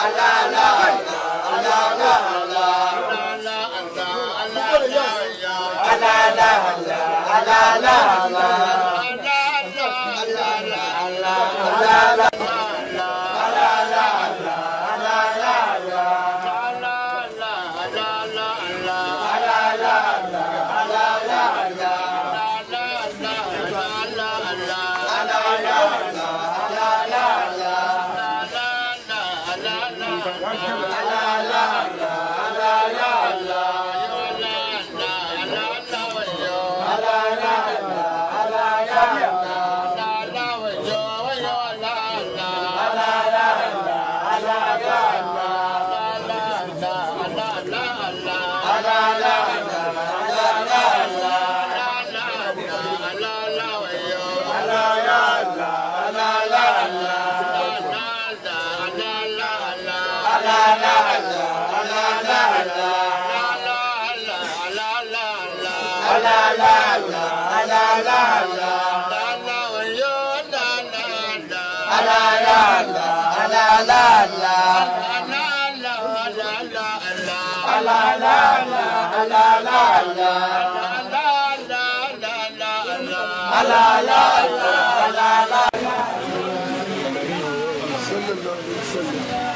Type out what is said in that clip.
لا لا صلى الله عليه وسلم